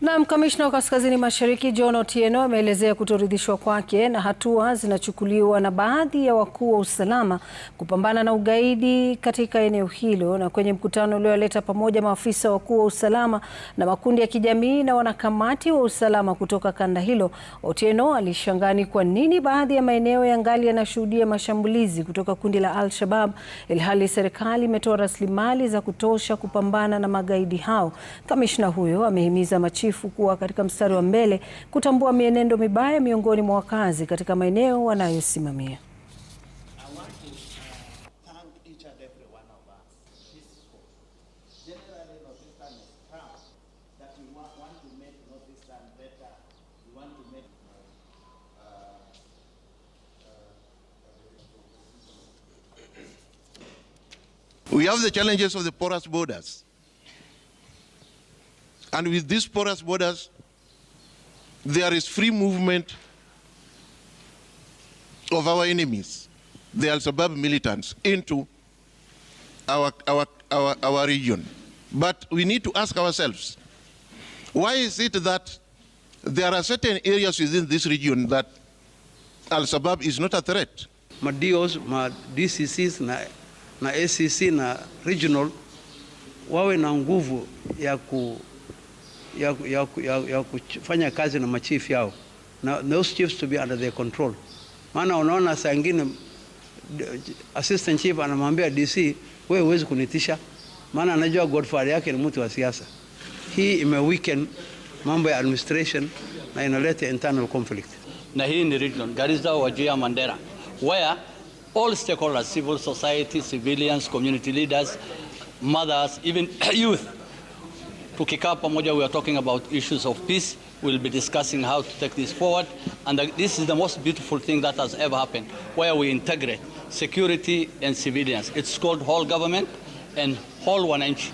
Na mkamishna wa Kaskazini Mashariki John Otieno ameelezea kutoridhishwa kwake na hatua zinachukuliwa na baadhi ya wakuu wa usalama kupambana na ugaidi katika eneo hilo. Na kwenye mkutano ulioleta pamoja maafisa wakuu wa usalama na makundi ya kijamii na wanakamati wa usalama kutoka kanda hilo, Otieno alishangani kwa nini baadhi ya maeneo ngali yanashuhudia mashambulizi kutoka kundi la Al-Shabaab ilhali serikali imetoa rasilimali za kutosha kupambana na magaidi hao. Kamishna huyo amehimiza machifu chifu kuwa katika mstari wa mbele kutambua mienendo mibaya miongoni mwa wakazi katika maeneo wanayosimamia. We have the challenges of the porous borders. And with these porous borders, there is free movement of our enemies, the Al-Shabaab militants, into our, our, our, our region. But we need to ask ourselves, why is it that there are certain areas within this region that Al-Shabaab is not a threat? My DOs, my DCCs na, na ACC na regional wawe na nguvu ya ku ya, ya, ya, ya kufanya kazi na machief yao na those chiefs to be under their control. Maana unaona saa ingine assistant chief anamwambia DC, wewe huwezi kunitisha, maana anajua godfather yake ni mtu wa siasa. Hii ime imeweaken mambo ya administration na inaleta internal conflict. Na hii ni region Garissa, Wajir, Mandera where all stakeholders, civil society, civilians, community leaders, mothers, even youth to kick up Pamoja, we are talking about issues of peace. We'll be discussing how to take this forward. And uh, this is the most beautiful thing that has ever happened, where we integrate security and civilians. It's called whole government and whole one inch.